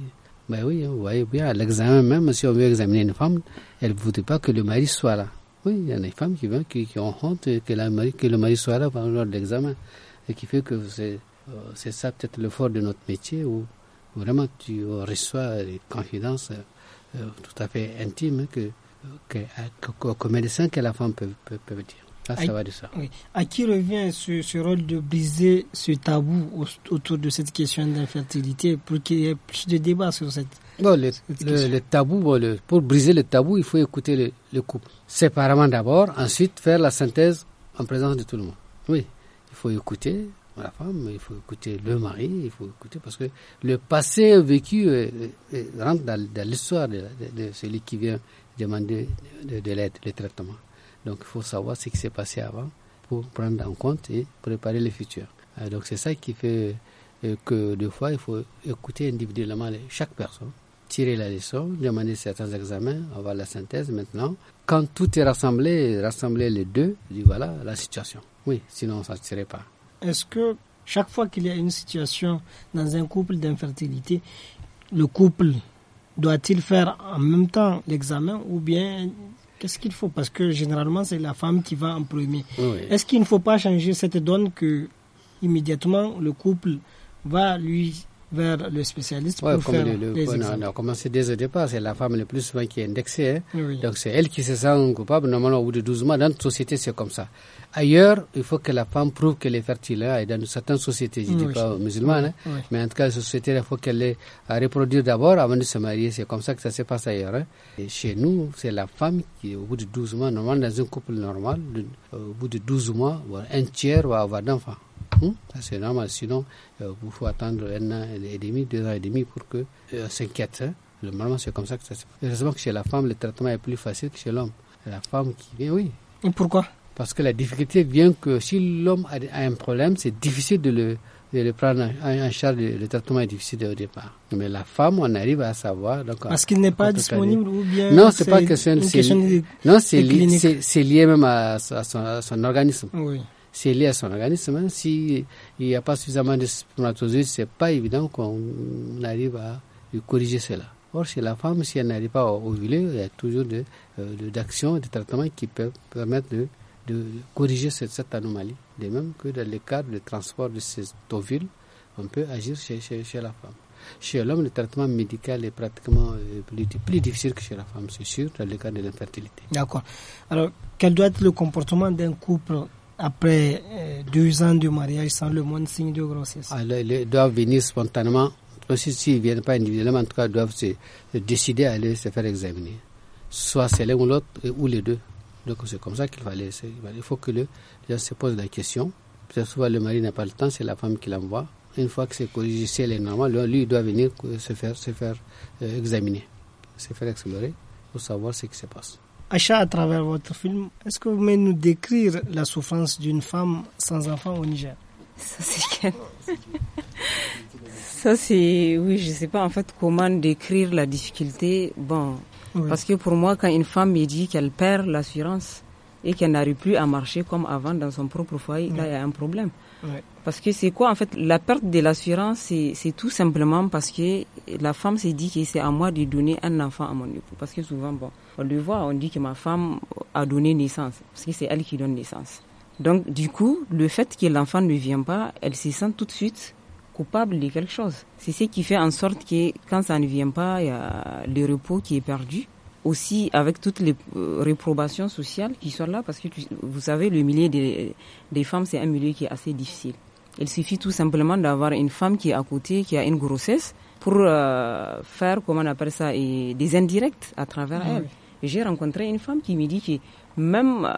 Ben oui, vous hein, voyez bien, à l'examen même, si on veut examiner une femme, elle ne voudrait pas que le mari soit là. Oui, il y a des femmes qui, veulent, qui, ont honte que, la, que le mari soit là pendant lors de l'examen. Ce qui fait que euh, c'est ça peut-être le fort de notre métier où vraiment tu reçois des confidences euh, tout à fait intimes que, que, que, médecin que la femme peut, peut, peut dire. ça à, va de ça. À qui revient ce, ce, rôle de briser ce tabou autour de cette question d'infertilité pour qu'il y ait plus de débats sur cette, bon, le, tabou, pour briser le tabou, il faut écouter le, couple. Séparément d'abord, ensuite faire la synthèse en présence de tout le monde. Oui, faut écouter la femme, il faut écouter le mari, il faut écouter parce que le passé vécu rentre dans, l'histoire de, celui qui vient demander de, l'aide, le traitement. Donc il faut savoir ce qui s'est passé avant pour prendre en compte et préparer le futur. Euh, donc c'est ça qui fait euh, que des fois il faut écouter individuellement chaque personne, tirer la leçon, demander certains examens, avoir la synthèse maintenant. Quand tout est rassemblé, rassembler les deux, voilà la situation. Oui, sinon ça ne pas. Est-ce que chaque fois qu'il y a une situation dans un couple d'infertilité, le couple doit-il faire en même temps l'examen ou bien qu'est-ce qu'il faut Parce que généralement, c'est la femme qui va en premier. Est-ce qu'il ne faut pas changer cette donne que immédiatement le couple va lui vers le spécialiste pour le, on, a commencé dès le départ, c'est la femme le plus souvent qui est indexée. Hein. Donc c'est elle qui se sent coupable. Normalement, au bout de 12 mois, dans notre société, c'est comme ça. Ailleurs, il faut que la femme prouve qu'elle est fertile. Hein. et dans certaines sociétés, je ne dis pas musulmanes, hein. mais en tout cas, la société, il faut qu'elle ait à reproduire d'abord avant de se marier. C'est comme ça que ça se passe ailleurs. Et chez nous, c'est la femme qui, au bout de 12 mois, normalement, dans un couple normal, euh, au bout de 12 mois, un tiers va avoir d'enfants c'est normal. Sinon, il euh, faut attendre un an et demi, deux ans et demi pour que euh, s'inquiète. le hein. Normalement, c'est comme ça que ça se passe. Heureusement que chez la femme, le traitement est plus facile que chez l'homme. La femme qui vient, oui. Et pourquoi Parce que la difficulté vient que si l'homme a, un problème, c'est difficile de le, de le prendre en, charge. Le, traitement est difficile au départ. Mais la femme, on arrive à savoir. Donc, Parce qu'il n'est pas disponible ou bien. Non, c'est pas question, Non, c'est lié, même à, son, à son, organisme. Oui c'est lié à son organisme. Hein. S'il n'y a pas suffisamment de spermatozoïdes, c'est pas évident qu'on arrive à corriger cela. Or, chez la femme, si elle n'arrive pas à ovuler, il y a toujours des euh, de, d'actions, de, des traitements qui peuvent permettre de, de corriger cette, anomalie. De même que dans le cadre du transport de ces ovules, on peut agir chez, chez, chez la femme. Chez l'homme, le traitement médical est pratiquement euh, plus, plus, difficile que chez la femme, c'est sûr, dans le cas de l'infertilité. D'accord. Alors, quel doit être le comportement d'un couple après euh, deux ans de mariage sans le moindre signe de grossesse. ils ah, doivent venir spontanément. s'ils ne viennent pas individuellement, en tout cas, ils doivent se, décider à aller se faire examiner. Soit c'est l'un ou l'autre, ou les deux. Donc, c'est comme ça qu'il fallait. Il faut que le, les gens se posent la question. souvent, le mari n'a pas le temps, c'est la femme qui l'envoie. Une fois que c'est corrigé, si elle est lui, il doit venir euh, se faire, se faire euh, examiner, se faire explorer pour savoir ce qui se passe. Achat à travers votre film, est-ce que vous pouvez nous décrire la souffrance d'une femme sans enfant au Niger Ça, c'est Ça, c'est. Oui, je ne sais pas en fait comment décrire la difficulté. Bon. Parce que pour moi, quand une femme me dit qu'elle perd l'assurance, et qu'elle n'arrive plus à marcher comme avant dans son propre foyer, là, il y a un problème. Parce que c'est quoi, en fait, la perte de l'assurance, c'est tout simplement parce que la femme s'est dit que c'est à moi de donner un enfant à mon époux. Parce que souvent, bon, on le voit, on dit que ma femme a donné naissance, parce que c'est elle qui donne naissance. Donc, du coup, le fait que l'enfant ne vient pas, elle se sent tout de suite coupable de quelque chose. C'est ce qui fait en sorte que quand ça ne vient pas, il y a le repos qui est perdu aussi avec toutes les euh, réprobations sociales qui sont là, parce que vous savez, le milieu des, des femmes, c'est un milieu qui est assez difficile. Il suffit tout simplement d'avoir une femme qui est à côté, qui a une grossesse, pour euh, faire, comment on appelle ça, des indirects à travers ah elle. J'ai rencontré une femme qui me dit que même euh,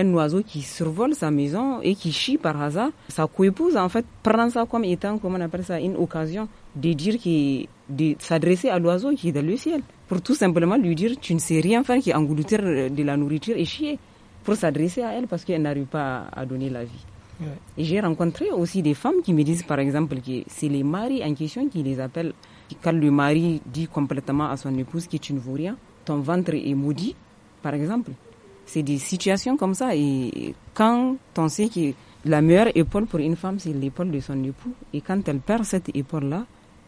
un oiseau qui survole sa maison et qui chie par hasard, sa coépouse, en fait, prend ça comme étant, comment on appelle ça, une occasion de dire que, de s'adresser à l'oiseau qui est dans le ciel pour tout simplement lui dire tu ne sais rien faire qui engloutir euh, de la nourriture et chier pour s'adresser à elle parce qu'elle n'arrive pas à donner la vie. Et j'ai rencontré aussi des femmes qui me disent par exemple que c'est les maris en question qui les appellent quand le mari dit complètement à son épouse que tu ne vaux rien, ton ventre est maudit par exemple. C'est des situations comme ça et quand on sait que la meilleure épaule pour une femme c'est l'épaule de son époux et quand elle perd cette épaule là,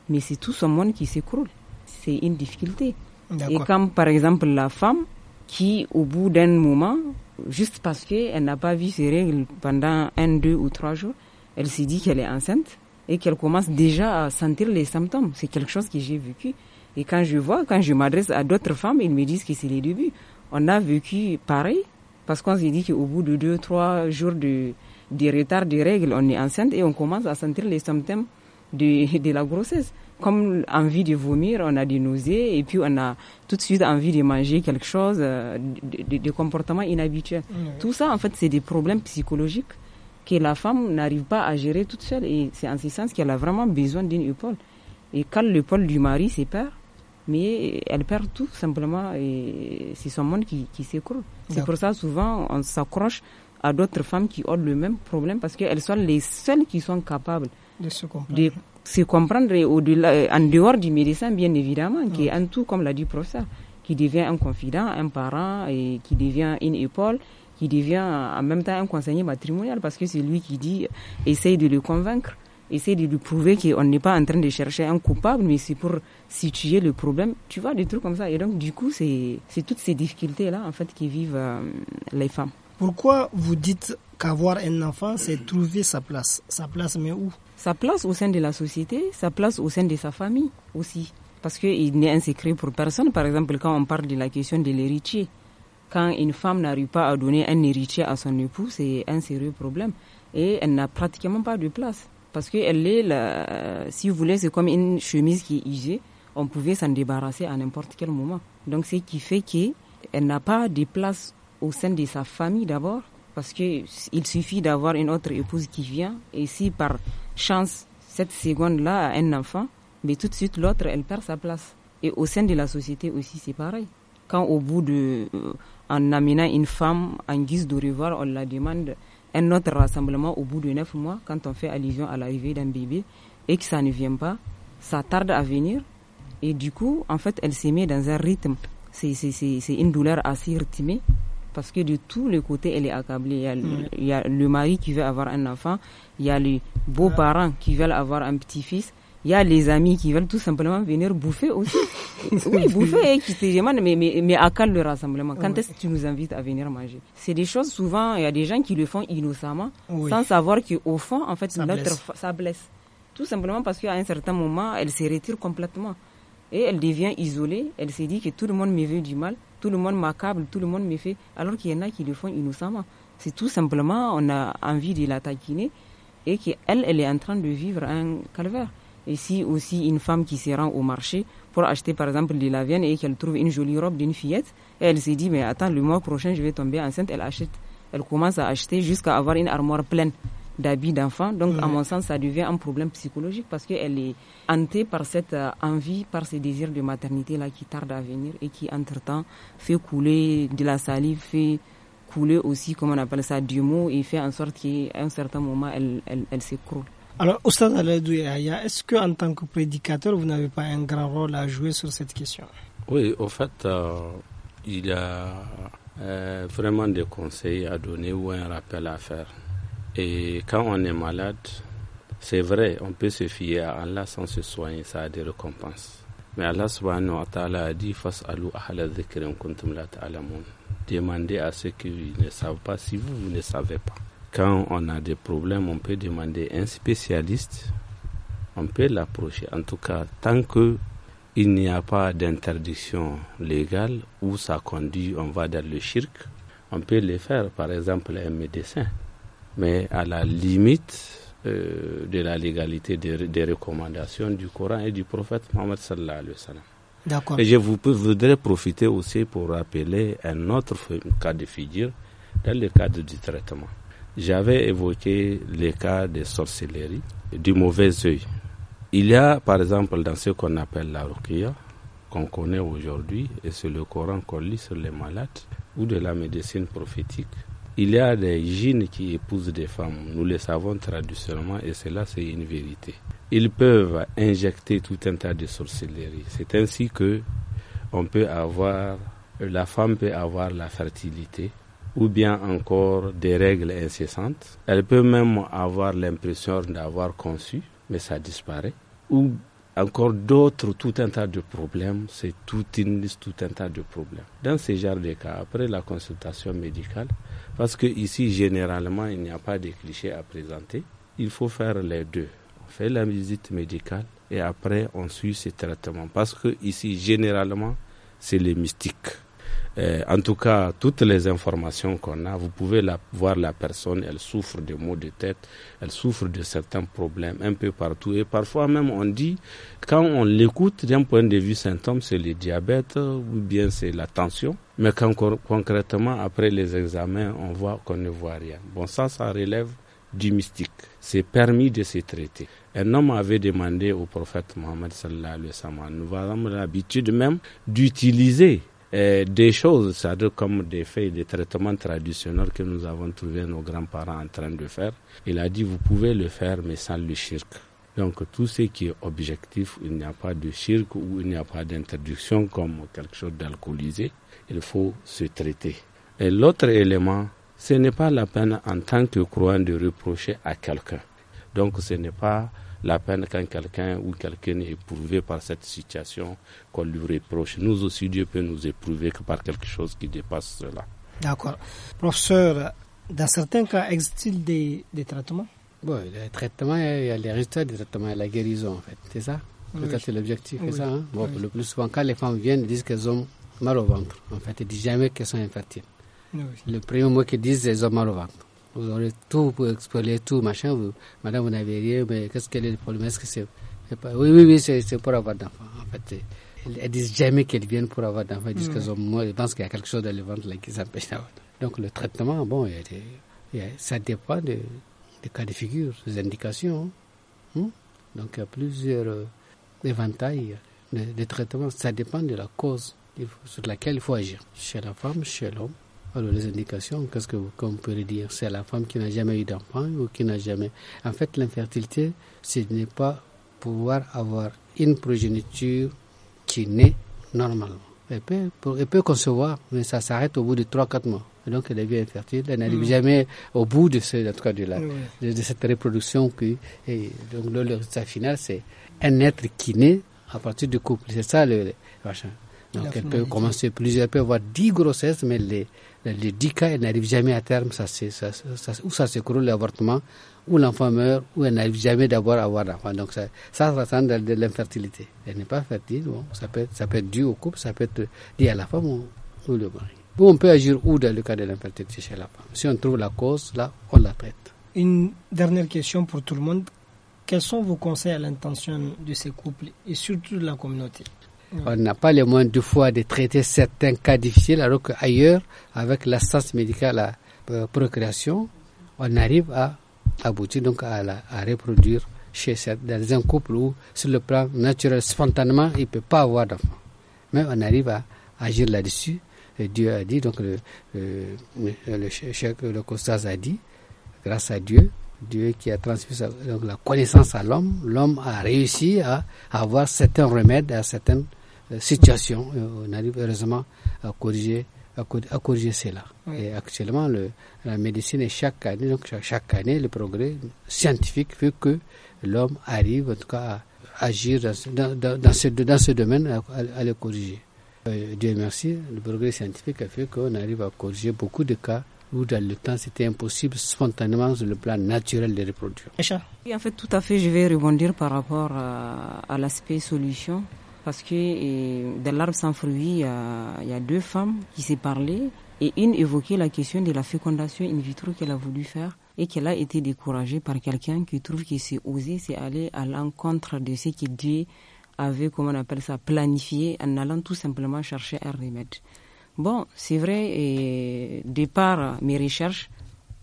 mais c'est tout son monde qui s'écroule. C'est une difficulté. Et comme par exemple la femme qui, au bout d'un moment, juste parce qu'elle n'a pas vu ses règles pendant un, deux ou trois jours, elle se dit qu'elle est enceinte et qu'elle commence déjà à sentir les symptômes. C'est quelque chose que j'ai vécu. Et quand je vois, quand je m'adresse à d'autres femmes, ils me disent que c'est les débuts. On a vécu pareil parce qu'on s'est dit qu'au bout de deux, trois jours de, de retard de règles, on est enceinte et on commence à sentir les symptômes de, de la grossesse comme envie de vomir, on a des nausées et puis on a tout de suite envie de manger quelque chose, des euh, de, comportements inhabituels. Tout ça, en fait, c'est des problèmes psychologiques que la femme n'arrive pas à gérer toute seule. Et c'est en ce sens qu'elle a vraiment besoin d'une épaule. Et quand l'épaule du mari perd, mais elle perd tout simplement et c'est son monde qui, s'écroule. C'est pour ça souvent on s'accroche à d'autres femmes qui ont le même problème parce qu'elles sont les seules qui sont capables de se comprendre c'est comprendre au euh, en dehors du médecin, bien évidemment, qui mm. est en tout, comme l'a dit le professeur, qui devient un confident, un parent, et qui devient une épaule, qui devient en même temps un conseiller matrimonial, parce que c'est lui qui dit, essaye de le convaincre, essaye de lui prouver qu'on n'est pas en train de chercher un coupable, mais c'est pour situer le problème. Tu vois, des trucs comme ça. Et donc, du coup, c'est toutes ces difficultés-là, en fait, qui vivent euh, les femmes. Pourquoi vous dites qu'avoir un enfant, c'est trouver sa place Sa place, mais où sa place au sein de la société, sa place au sein de sa famille aussi. Parce qu'il n'est un secret pour personne. Par exemple, quand on parle de la question de l'héritier, quand une femme n'arrive pas à donner un héritier à son époux, c'est un sérieux problème. Et elle n'a pratiquement pas de place. Parce qu'elle est, si vous voulez, c'est comme une chemise qui est usée. On pouvait s'en débarrasser à n'importe quel moment. Donc, ce qui fait qu'elle n'a pas de place au sein de sa famille d'abord parce que il suffit d'avoir une autre épouse qui vient et si par chance cette seconde là a un enfant, mais tout de suite l'autre elle perd sa place. Et au sein de la société aussi c'est pareil. Quand au bout de euh, en amenant une femme en guise de revoir, on la demande un autre rassemblement au bout de neuf mois quand on fait allusion à l'arrivée d'un bébé et que ça ne vient pas, ça tarde à venir et du coup en fait elle s'est met dans un rythme. C'est une douleur assez rythmée parce que de tous les côtés, elle est accablée. Mm. Il y a, le, mari qui veut avoir un enfant, il y a les beaux-parents qui veulent avoir un petit-fils, il y a les amis qui veulent tout simplement venir bouffer aussi. oui, bouffer mais, mais, à quel le rassemblement. Quand est-ce que tu nous invites à venir manger C'est des choses, souvent, il y a des gens qui le font innocemment, sans savoir qu'au fond, en fait, ça blesse. ça blesse. Tout simplement parce qu'à un certain moment, elle se retire complètement. Et elle devient isolée, elle se dit que tout le monde me veut du mal, tout le monde m'accable, tout le monde me fait, alors qu'il y en a qui le font innocemment. C'est tout simplement, on a envie de la taquiner et qu'elle, elle est en train de vivre un calvaire. Et si aussi une femme qui se rend au marché pour acheter par exemple de la et qu'elle trouve une jolie robe d'une fillette, elle se dit, mais attends, le mois prochain, je vais tomber enceinte, elle achète. Elle commence à acheter jusqu'à avoir une armoire pleine d'habits d'enfants. Donc, à mhm. mon sens, ça devient un problème psychologique parce qu'elle est hantée par cette euh, envie, par ce désir de maternité-là qui tarde à venir et qui, entre-temps, fait couler de la salive, fait couler aussi, comme on appelle ça, du mot et fait en sorte qu'à un certain moment, elle, elle, s'écroule. Alors, Oustad Aladou est-ce qu'en tant que prédicateur, vous n'avez pas un grand rôle à jouer sur cette question Oui, au fait, euh, il y a euh, vraiment des conseils à donner ou un rappel à faire. Et quand on est malade, c'est vrai, on peut se fier à Allah sans se soigner, ça a des récompenses. Mais Allah subhanahu wa ta'ala dit Demandez à ceux qui ne savent pas si vous, vous ne savez pas. Quand on a des problèmes, on peut demander à un spécialiste, on peut l'approcher. En tout cas, tant qu'il il n'y a pas d'interdiction légale où ça conduit, on va dans le shirk, on peut le faire, par exemple, un médecin mais à la limite euh, de la légalité des, des, recommandations du Coran et du prophète Mohammed sallallahu alayhi wa sallam. Et je vous, voudrais profiter aussi pour rappeler un autre cas de figure dans le cadre du traitement. J'avais évoqué les cas de sorcellerie, du mauvais œil. Il y a, par exemple, dans ce qu'on appelle la ruqya, qu'on connaît aujourd'hui, et c'est le Coran qu'on lit sur les malades, ou de la médecine prophétique, il y a des jeunes qui épousent des femmes, nous le savons traditionnellement et cela c'est une vérité. Ils peuvent injecter tout un tas de sorcellerie. C'est ainsi que on peut avoir la femme peut avoir la fertilité ou bien encore des règles incessantes. Elle peut même avoir l'impression d'avoir conçu, mais ça disparaît. Ou encore d'autres, tout un tas de problèmes. C'est toute une liste, tout un tas de problèmes. Dans ce genre de cas, après la consultation médicale, parce que ici, généralement, il n'y a pas de clichés à présenter, il faut faire les deux. On fait la visite médicale et après, on suit ce traitement. Parce que ici, généralement, c'est les mystiques euh, en tout cas, toutes les informations qu'on a, vous pouvez voir la personne, elle souffre de maux de tête, elle souffre de certains problèmes un peu partout. Et parfois même, on dit, quand on l'écoute d'un point de vue symptôme, c'est le diabète ou bien c'est la tension. Mais quand concrètement, après les examens, on voit qu'on ne voit rien. Bon, ça, ça relève du mystique. C'est permis de se traiter. Un homme avait demandé au prophète Mohammed sallallahu nous avons l'habitude même d'utiliser des choses, ça à dire comme des faits, des traitements traditionnels que nous avons trouvé nos grands-parents en train de faire. Il a dit, vous pouvez le faire, mais sans le shirk. Donc tout ce qui est objectif, il n'y a pas de cirque ou il n'y a pas d'introduction comme quelque chose d'alcoolisé, il faut se traiter. Et l'autre élément, ce n'est pas la peine en tant que croyant de reprocher à quelqu'un. Donc ce n'est pas la peine quand quelqu'un ou quelqu'un est éprouvé par cette situation qu'on lui reproche. Nous aussi, Dieu peut nous éprouver que par quelque chose qui dépasse cela. D'accord. Professeur, dans certains cas, existe-t-il des, traitements Oui, les traitements, il y a les résultats des traitements, la guérison en fait, c'est ça C'est l'objectif, c'est ça hein? bon, Le plus souvent, quand les femmes viennent, disent qu'elles ont mal au ventre, en fait, elles ne disent jamais qu'elles sont infertiles. Le premier mot qu'elles disent, elles ont mal au ventre vous aurez tout, pour explorer tout, machin. Vous, madame, vous n'avez rien, mais qu'est-ce qu'elle est le problème ce que c'est. Oui, oui, oui, c'est pour avoir d'enfants, en fait. Elles disent jamais qu'elles viennent pour avoir d'enfants. Elles disent moi, pense qu'il y a quelque chose dans le ventre qui les empêche d'avoir. Donc le traitement, bon, ça dépend des de cas de figure, des indications. Hein. Hein? Donc il y a plusieurs euh, éventails de traitements. Ça dépend de la cause sur laquelle il faut agir. Chez la femme, chez l'homme les indications, qu'est-ce qu'on peut dire C'est la femme qui n'a jamais eu d'enfant ou qui n'a jamais. En fait, l'infertilité, ce n'est pas pouvoir avoir une progéniture qui naît normalement. Elle peut, peut concevoir, mais ça s'arrête au bout de 3-4 mois. Et donc, elle devient infertile. Elle n'arrive mm. jamais au bout de, ce, de, de, de, cette reproduction. Qui, et donc, le, résultat final, c'est un être qui naît à partir du couple. C'est ça le, machin. Donc, elle peut commencer plusieurs, elle peut avoir 10 grossesses, mais les, les 10 cas, elle n'arrive jamais à terme, ça, ça, ça, ça ou ça s'écroule l'avortement, ou l'enfant meurt, ou elle n'arrive jamais d'avoir à avoir l'enfant. Donc ça, ça ressemble à de l'infertilité. Elle n'est pas fertile, ça, peut être, ça peut être dû au couple, ça peut être lié à la femme ou, le mari. on peut agir où dans le cas de l'infertilité chez la femme. Si on trouve la cause, là, on la traite. Une dernière question pour tout le monde. Quels sont vos conseils à l'intention de ces couples et surtout de la communauté on n'a pas les moyens deux fois de traiter certains cas difficiles, alors qu'ailleurs, avec l'assistance médicale à euh, la procréation, on arrive à aboutir donc à, la, reproduire chez dans un couple où, sur le plan naturel, spontanément, il ne peut pas avoir d'enfant. Mais on arrive à agir là-dessus. Dieu a dit, donc le, le, le, chèque, euh, a dit, grâce à Dieu, Dieu qui a transmis donc, la connaissance à l'homme, l'homme a réussi à avoir certains remèdes, à certaines euh, situation. Euh, on arrive heureusement à corriger à corriger cela. Et actuellement, la médecine est chaque année, donc chaque année, le progrès scientifique fait que l'homme arrive en tout cas à agir dans, ce, dans, ce, dans ce domaine, à, le corriger. Euh, Dieu merci, le progrès scientifique a fait qu'on arrive à corriger beaucoup de cas où dans le temps c'était impossible spontanément sur le plan naturel de reproduire. en fait, tout à fait, je vais rebondir par rapport à l'aspect solution parce que dans l'arbre sans fruits, il y, a, deux femmes qui s'est parlé et une évoquait la question de la fécondation in vitro qu'elle a voulu faire et qu'elle a été découragée par quelqu'un qui trouve qu'il s'est osé, c'est aller à l'encontre de ce que Dieu avait, comment on appelle ça, planifié en allant tout simplement chercher un remède. Bon, c'est vrai, et de par mes recherches,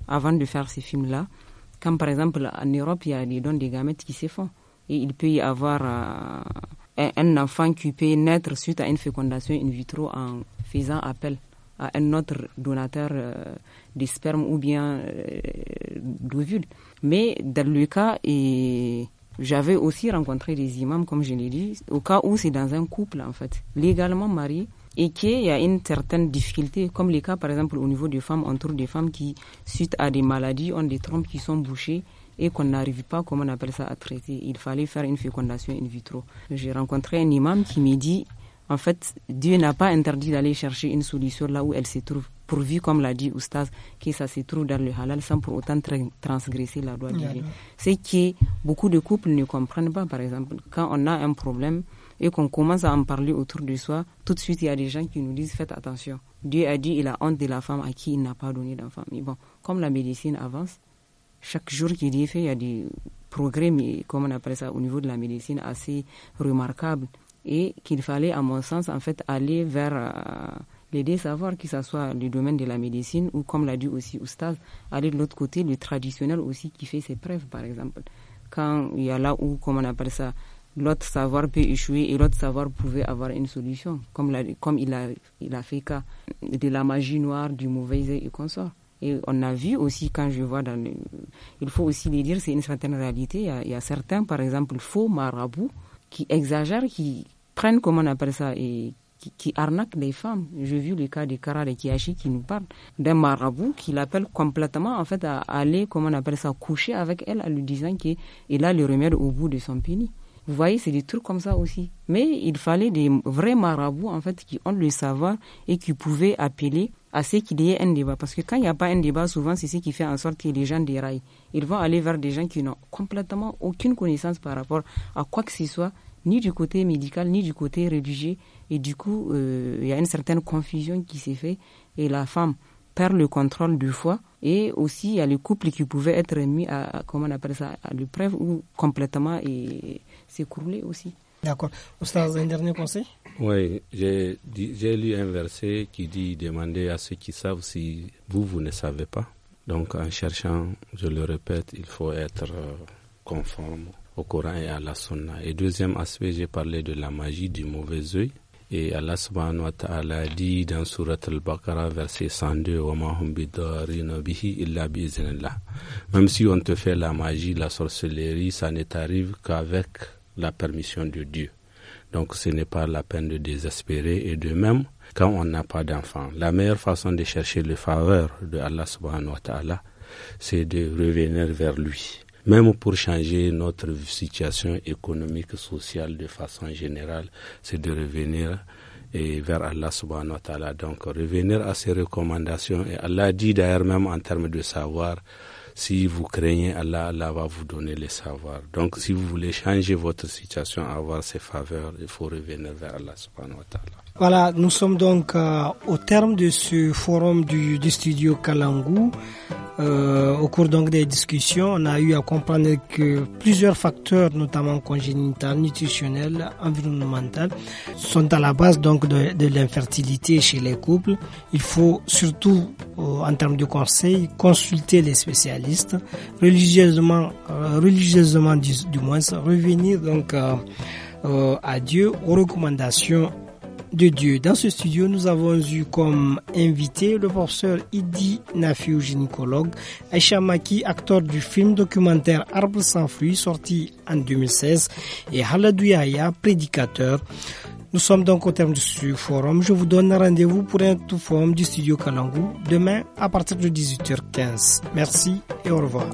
avant de faire ces films-là, quand par exemple en Europe, il y a des dons de gamètes qui se font, et il peut y avoir... Euh, un, enfant qui peut naître suite à une fécondation in vitro en faisant appel à un autre donateur euh, de sperme ou bien euh, d'ovule. Mais dans le cas, et j'avais aussi rencontré des imams, comme je l'ai dit, au cas où c'est dans un couple, en fait, légalement marié, et qu'il y a une certaine difficulté, comme les cas, par exemple, au niveau des femmes, on trouve des femmes qui, suite à des maladies, ont des trompes qui sont bouchées et qu'on n'arrive pas, comment on appelle ça, à traiter. Il fallait faire une fécondation in vitro. J'ai rencontré un imam qui m'a dit, en fait, Dieu n'a pas interdit d'aller chercher une solution là où elle se trouve, pourvu, comme l'a dit Oustaz, que ça se trouve dans le halal sans pour autant transgresser la loi de Dieu. C'est que beaucoup de couples ne comprennent pas, par exemple, quand on a un problème et qu'on commence à en parler autour de soi, tout de suite, il y a des gens qui nous disent faites attention. Dieu a dit il a honte de la femme à qui il n'a pas donné d'enfant. Mais bon, comme la médecine avance, chaque jour qu'il est fait, il y a des progrès, mais comme on appelle ça au niveau de la médecine, assez remarquables et qu'il fallait, à mon sens, en fait, aller vers euh, les deux savoirs, que ce soit le domaine de la médecine ou, comme l'a dit aussi Oustaz, aller de l'autre côté, le traditionnel aussi qui fait ses preuves, par exemple. Quand il y a là où, comme on appelle ça, l'autre savoir peut échouer et l'autre savoir pouvait avoir une solution, comme, comme il, a, il a fait cas de la magie noire, du mauvais et consort. Et on a vu aussi, quand je vois dans il faut aussi les dire, c'est une certaine réalité. Il y, a, certains, par exemple, faux marabouts qui exagèrent, qui prennent, comment on appelle ça, et qui, arnaquent les femmes. J'ai vu le cas de Kara de Kiyashi qui nous parle d'un marabout qui l'appelle complètement, en fait, à aller, comment on appelle ça, coucher avec elle en lui disant qu'il a le remède au bout de son pénis. Vous voyez, c'est des trucs comme ça aussi. Mais il fallait des vrais marabouts, en fait, qui ont le savoir et qui pouvaient appeler à ce qu'il y ait un débat. Parce que quand il n'y a pas un débat, souvent, c'est ce qui fait en sorte que les gens déraillent. Ils vont aller vers des gens qui n'ont complètement aucune connaissance par rapport à quoi que ce soit, ni du côté médical, ni du côté religieux. Et du coup, euh, il y a une certaine confusion qui s'est faite. Et la femme perd le contrôle du foie. Et aussi, il y a le couple qui pouvait être mis à, comment on appelle ça, à l'épreuve ou complètement... Et, s'écrouler aussi. D'accord. Oustaz, un dernier conseil Oui, j'ai lu un verset qui dit Demandez à ceux qui savent si vous, vous ne savez pas. Donc, en cherchant, je le répète, il faut être euh, conforme au Coran et à la Sunna. Et deuxième aspect, j'ai parlé de la magie du mauvais œil. Et Allah subhanahu wa ta'ala dit dans Surat al-Baqarah, verset 102, hum Même si on te fait la magie, la sorcellerie, ça ne t'arrive qu'avec la permission de Dieu. Donc ce n'est pas la peine de désespérer et de même quand on n'a pas d'enfant. La meilleure façon de chercher le faveur de Allah subhanahu wa ta'ala, c'est de revenir vers lui. Même pour changer notre situation économique, sociale de façon générale, c'est de revenir et vers Allah subhanahu wa ta'ala. Donc revenir à ses recommandations. Et Allah dit d'ailleurs même en termes de savoir, si vous craignez Allah, Allah va vous donner le savoir. Donc si vous voulez changer votre situation, avoir ses faveurs, il faut revenir vers Allah subhanahu wa ta'ala. Voilà, nous sommes donc euh, au terme de ce forum du, studio Kalangu. Euh, au cours donc des discussions, on a eu à comprendre que plusieurs facteurs, notamment congénital, nutritionnel, environnemental, sont à la base donc de, l'infertilité chez les couples. Il faut surtout, euh, en termes de conseils, consulter les spécialistes, religieusement, religieusement du, du, moins, revenir donc à Dieu aux recommandations de Dieu. Dans ce studio, nous avons eu comme invité le professeur Idi Nafiou, gynécologue, Aisha Maki, acteur du film documentaire Arbre sans fruits, sorti en 2016, et Haladou prédicateur. Nous sommes donc au terme de ce forum. Je vous donne rendez-vous pour un tout forum du studio Kalangou demain à partir de 18h15. Merci et au revoir.